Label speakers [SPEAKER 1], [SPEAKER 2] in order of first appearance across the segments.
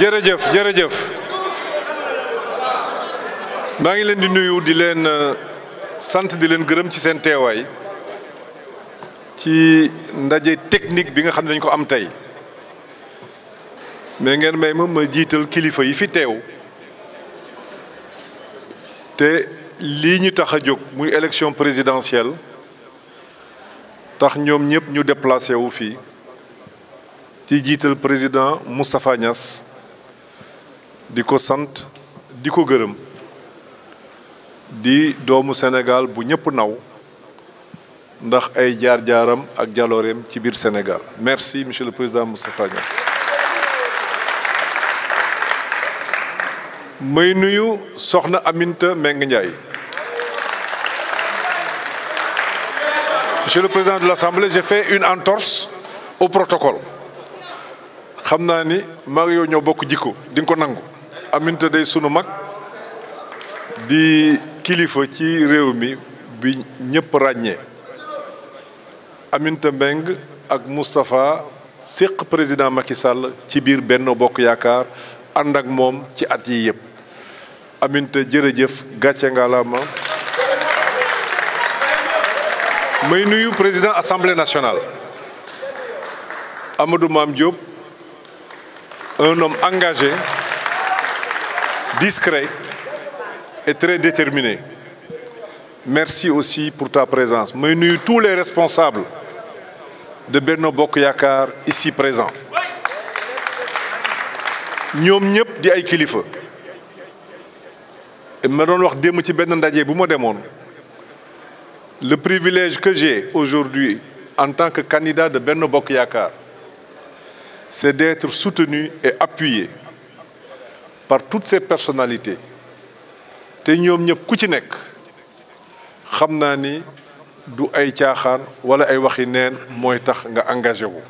[SPEAKER 1] jërëjëf jërëjëf maa ngi leen di nuyu di leen euh, sant di leen gërëm ci seen teewaay ci ndaje technique bi nga xam ne dañu ko am tey mais ngeen may ma ma jiital kilifa yi fi teew te lii ñu tax a jóg muy élection présidentielle tax ñoom ñëpp ñu déplacé wu fii ci jiital président Moustapha Niass di ko sant di ko gërëm di doomu Sénégal bu ñëpp naw ndax ay jaar-jaaram ak jalooreem ci biir Sénégal merci monsieur le président Moustapha may nuyu soxna Aminta Meng Ndiaye monsieur le président de l'assemblée j'ai fait une entorse au protocole xam naa ni mag yow ñoo bokk jikko di ko nangu Aminta day sunu mag di kilifa ci réew mi bi ñëpp ràññee Aminta Mbengue ak Moustapha séq président Macky Sall ci biir benn Bokk Yaakaar ànd ak moom ci at yi yëpp Aminta jërëjëf gàcce ngalaama may nuyu président assemblée nationale Amadou Mame Diop un homme engagé discret et très déterminé merci aussi pour ta présence may nuyu tous les responsables de Benno Bokk Yaakaar ici présents ñoom ñëpp di ay kilifa ma doon wax démb ci benn ndaje bu ma demoon le privilège que j'ai aujourd'hui en tant que candidat de benn Bokk Yaakaar c'est d'être soutenu et appuyé par toutes ces personnalités te ñoom ñëpp ku ci nekk xam naa ni du ay caaxaan wala ay waxi neen mooy tax nga engagé wu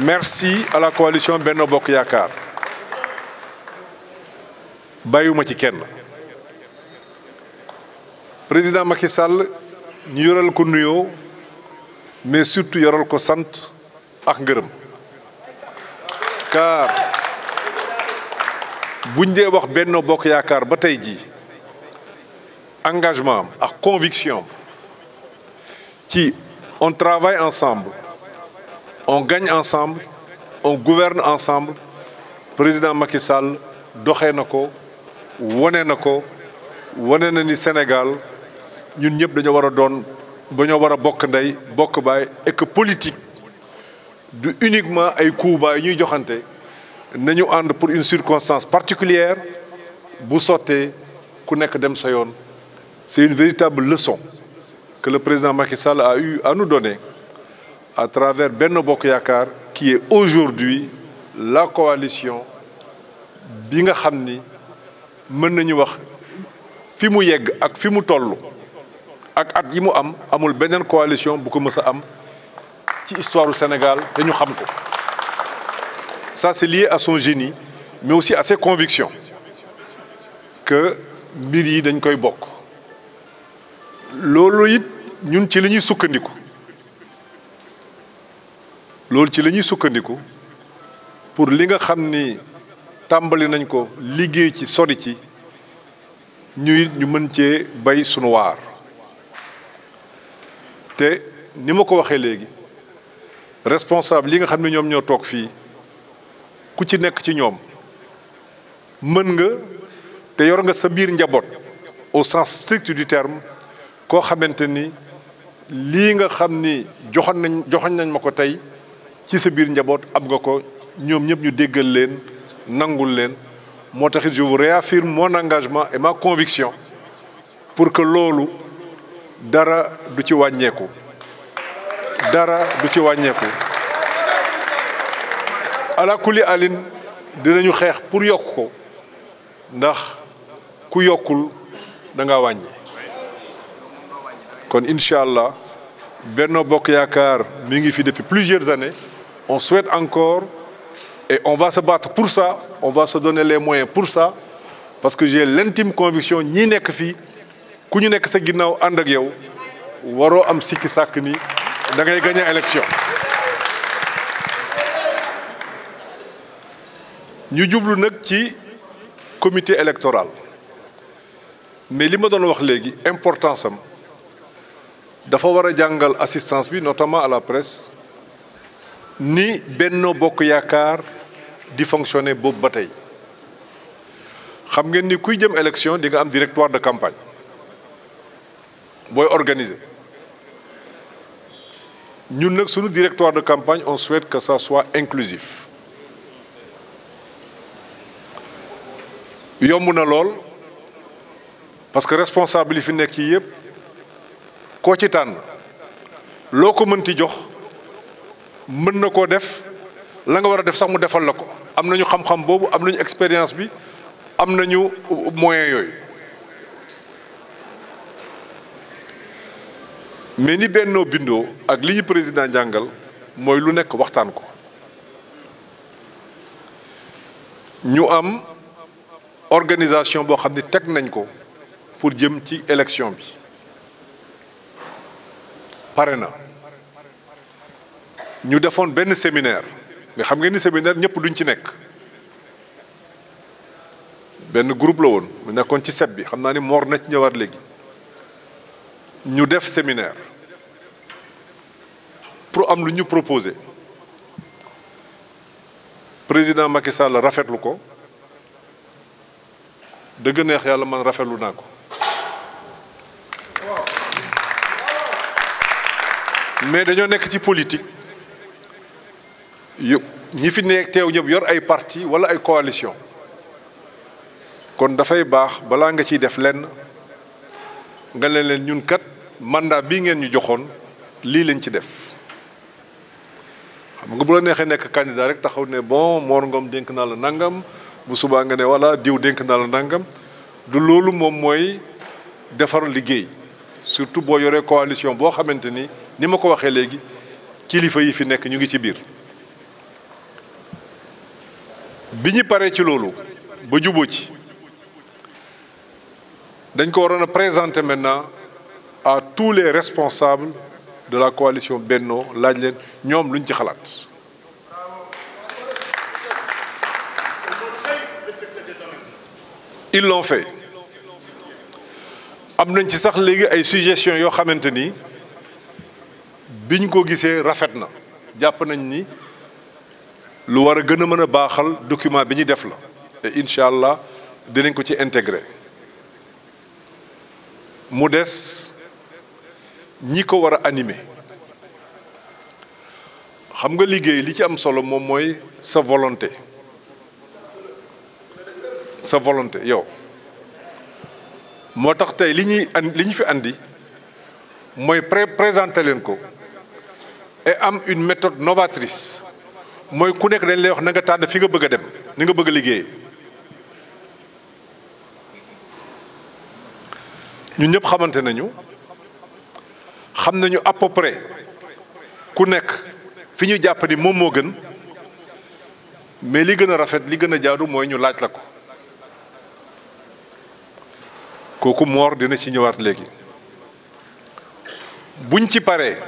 [SPEAKER 1] merci à la coalition Benno Bokk Yaakaar bàyyiwuma ci kenn président Macky Sall ñu yoral ko nuyoo mais surtout yoral ko sant ak ngërëm car buñ dee wax Benno Bokk Yaakaar ba tey jii engagement am ak conviction am ci on travaille ensemble on gagne ensemble on gouverne ensemble président Macky Sall doxee na ko wane na ko wane na ni Sénégal ñun ñëpp dañoo war a doon dañoo war a bokk ndey bokk baay et que politique du uniquement ay coups yu ñuy joxante nañu ànd pour une circonstance particulière bu sottee ku nekk dem sa yoon. c'est une véritable leçon que le président Macky Sall a eu à nous donner travers benn Bokk Yaakaar qui est aujourd'hui la coalition bi nga xam ni. mën nañu wax fi mu yegg ak fi mu toll ak at yi mu am amul beneen coalition bu ko mës a am ci histoire Sénégal te ñu xam ko ça si lié à son mais aussi à ses convictions mbir yi dañ koy bokk loolu it ñun ci la ñuy sukkandiku loolu ci lañuy sukkandiku pour li nga xam ni tàmbali nañ ko liggéey ci sori ci ñuy ñu mën cee bay sunu waar te ni ma ko waxee léegi responsable yi nga xam ne ñoom ñoo toog fii ku ci nekk ci ñoom mën nga te yor nga sa biir njaboot au sens strict du terme koo xamante ni lii nga xam ni joxoon nañ joxoon nañ ma ko tey ci sa biir njaboot am nga ko ñoom ñëpp ñu déggal leen nangul leen moo taxit je vous réaffirme mon engagement et ma conviction pour que loolu dara du ci wàññeeku dara du ci wàññeeku alakuli alin dinañu xeex pour yokk ko ndax ku yokkul da nga wàññi kon incha allah benn Bokk Yaakaar mi ngi fi depuis plusieurs années on souhaite encore Et on va se battre pour ça, on va se donner les moyens pour ça, parce que j'ai l'intime conviction ñi nekk fii ku ñu nekk sa ginnaaw ànd ak yow waroo am sikki sàkk ni da ngay gagner élection. ñu jublu nag ci comité électoral mais li ma doon wax léegi importance am dafa war a jàngal assistance bi notamment à la presse. ni Benno Bokk Yaakaar di fonctionner boobu ba tey xam ngeen ni kuy jëm élection di nga am directoire de campagne booy organiser ñun nag sunu directoire de campagne on souhaite que ça soit inclusif yomb na lool parce que responsable yi fi nekk yi yëpp koo ci tànn loo ko mënti jox mën na koo def la nga war a def sax mu defal la ko am nañu xam-xam boobu am nañu expérience bi am nañu moyen yooyu mais ni bennoo bindoo ak li ñu président jàngal mooy lu nekk waxtaan ko ñu am organisation boo xam ne teg nañ ko pour jëm ci élection bi pare na ñu defoon benn séminaire mais xam ngeen ni séminaire ñëpp duñ ci nekk benn groupe la woon mu nekkoon ci set bi xam naa ni moor na ci ñëwaat léegi ñu def séminaire pour am lu ñu proposé président Macky Sall rafetlu ko dëgg neex yàlla man rafetlu naa ko mais dañoo nekk ci politique yu ñi fi nekk teew ñëpp yor ay parti wala ay coalition kon dafay baax balaa nga ciy def lenn nga ne leen ñun kat mandat bii ngeen ñu joxoon lii lañ ci def xam nga bu la neexee nekk candidat rek taxaw ne bon Mor Ngom dénk naa la nangam bu subaa nga ne wala diw dénk naa la nangam du loolu moom mooy defar liggéey surtout boo yoree coalition boo xamante ni ni ma ko waxee léegi kilifa yi fi nekk ñu ngi ci biir. bi ñu paree ci loolu ba juboo ci dañ ko waroon a présenter maintenant à tous les responsables de la coalition Benno laaj leen ñoom luñ ci xalaat. ils l'ont fait am nañ ci sax léegi ay suggestions yoo xamante ni biñ ko gisee rafet na jàpp nañ ni. lu war a gën a mën a baaxal document bi ñu def la te incha allah dinañ ko ci intégré mu des ñi ko war a animé xam nga liggéey li ci am solo moom mooy sa volonté sa volonté yow moo tax tey li ñuy li ñu fi andi mooy pré présenté leen ko et am une méthode novatrice mooy ku nekk dañ lay wax na nga tànn fi nga bëgg a dem ni nga bëgg liggéey ñu ñëpp xamante nañu xam nañu à peu près ku nekk fi ñu jàpp ni moom moo gën mais li gën a rafet li gën a jaadu mooy ñu laaj la ko kooku moor dina ci ñëwaat léegi buñ ci paree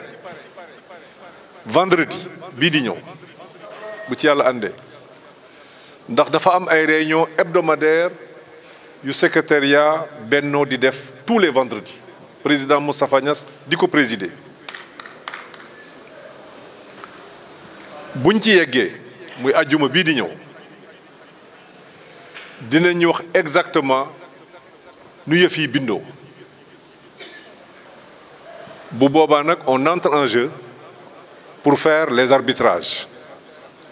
[SPEAKER 1] vendredi bii di ñëw bu ci yàlla àndee ndax dafa am ay réunion hebdomadaire yu secrétariat Benno di def tous les vendredis président Moustapha Niass di ko présider buñ ci yeggee muy àjjuma bii di ñëw dinañu wax exactement ñu yëf yi bindoo bu boobaa nag on entre en jeu pour fair les arbitrages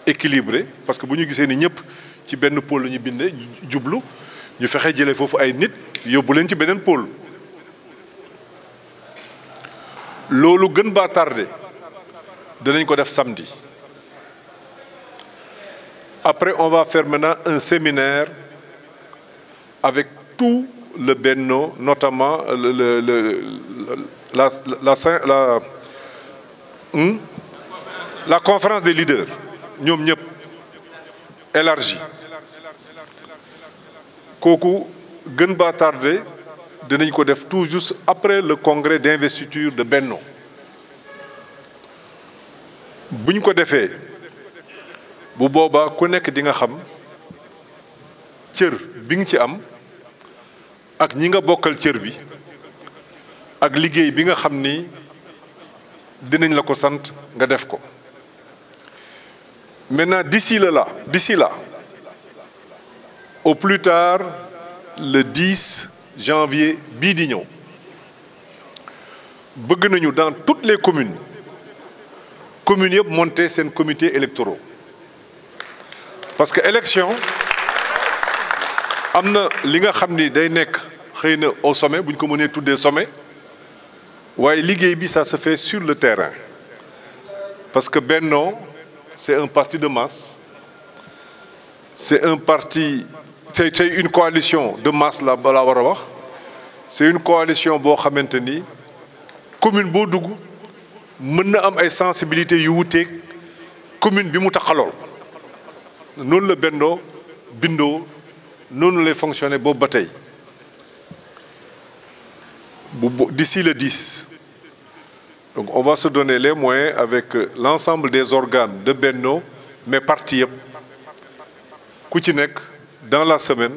[SPEAKER 1] équilibré parce que bu ñu gisee ni ñëpp ci benn pôle la ñu bindee jublu ñu fexe jële foofu ay nit yóbbu leen ci beneen pôle. loolu gën baa tardé danañ ko def samedi après on va faire maintenant un séminaire avec tout le Benno notamment le le le la la la la la conférence des leaders. ñoom ñëpp élargi kooku gën baa tardé dinañ ko def tout juste après le congrès d'investiture de Benno buñ ko defee bu boobaa ku nekk dinga xam cër bi nga ci am ak ñi nga bokkal cër bi ak liggéey bi nga xam ni dinañ la ko sant nga def ko Maintenant, d'ici là, d'ici là, au plus tard, le 10 janvier bii di ñëw bëgg nañu dans toutes les communes communes yëpp monter seen comité électoraux parce que élection am na li nga xam ni day nekk xëy na au sommet bu ñu ko mënee tuddee sommet waaye liggéey bi ça se fait sur le terrain parce que bennoo c'est un parti de masse. C'est un parti, c'est une coalition de masse la laa war a wax c'est une coalition boo xamante ni commune boo dugg mën na am ay sensibilités yu wuteeg commune bi mu taxalool noonu la bennoo bindoo noonu lay fonctionner boobu ba tey bu d'ici le 10 donc on va se donner les moyens avec euh, l'ensemble des organes de Benno mais parti yëpp ku ci nekk dans la semaine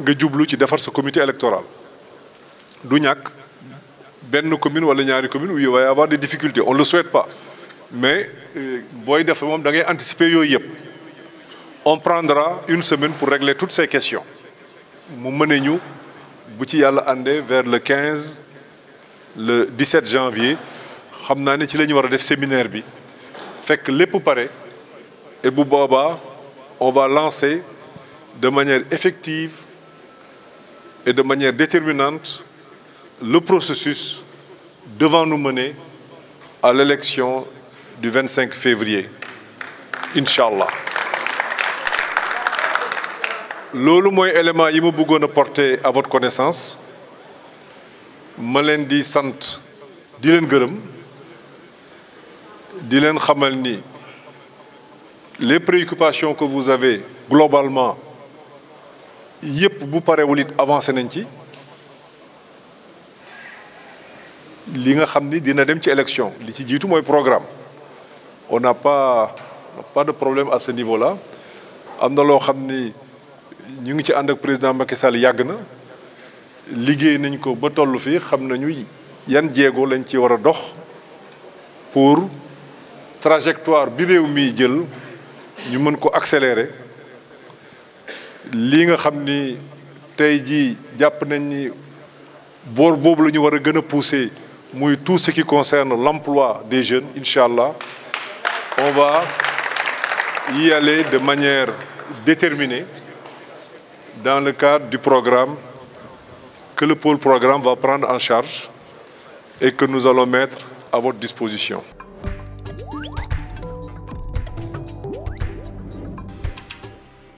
[SPEAKER 1] nga jublu ci defar sa comité électoral du ñàkk benn commune wala ñaari commune où il va y avoir des difficultés on le souhaite pas mais euh, booy def moom da ngay anticiper yooyu yëpp on prendra une semaine pour régler toutes ces questions mu mëne ñu bu ci yàlla àndee vers le 15 le 17 janvier xam naa ne ci la ñu war a def séminaire bi fekk lépp pare bu boobaa on va lancer de manière effective et de manière déterminante le processus devant nous mener à l'élection du 25 février inch'Allah loolu mooy élément yi ma bëggoon a porter à votre connaissance ma leen di sant di leen gërëm di leen xamal ni les préoccupations que vous avez globalement yëpp bu parewul it avancé nañ ci li nga xam ni dina dem ci élection li ci jiitu mooy programme on n'a pas de problème à ce niveau là am na loo xam ni ñu ngi ci ànd ak président Macky yàgg na liggéey nañ ko ba toll fii xam nañu yan jéego lañ ci war a dox pour trajectoire bi réew mi jël ñu mën ko accélérer lii nga xam ni tey jii jàpp nañ ni boor boobu la ñu war a gën a pousser muy tout ce qui concerne l'emploi des jeunes incha allah on va y de manière déterminée dans le cadre du programme que le pôle programme va prendre en charge et que nous allons mettre à votre disposition.